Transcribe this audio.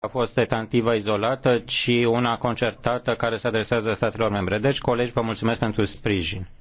a fost tentativă izolată, ci una concertată care se adresează statelor membre. Deci, colegi, vă mulțumesc pentru sprijin.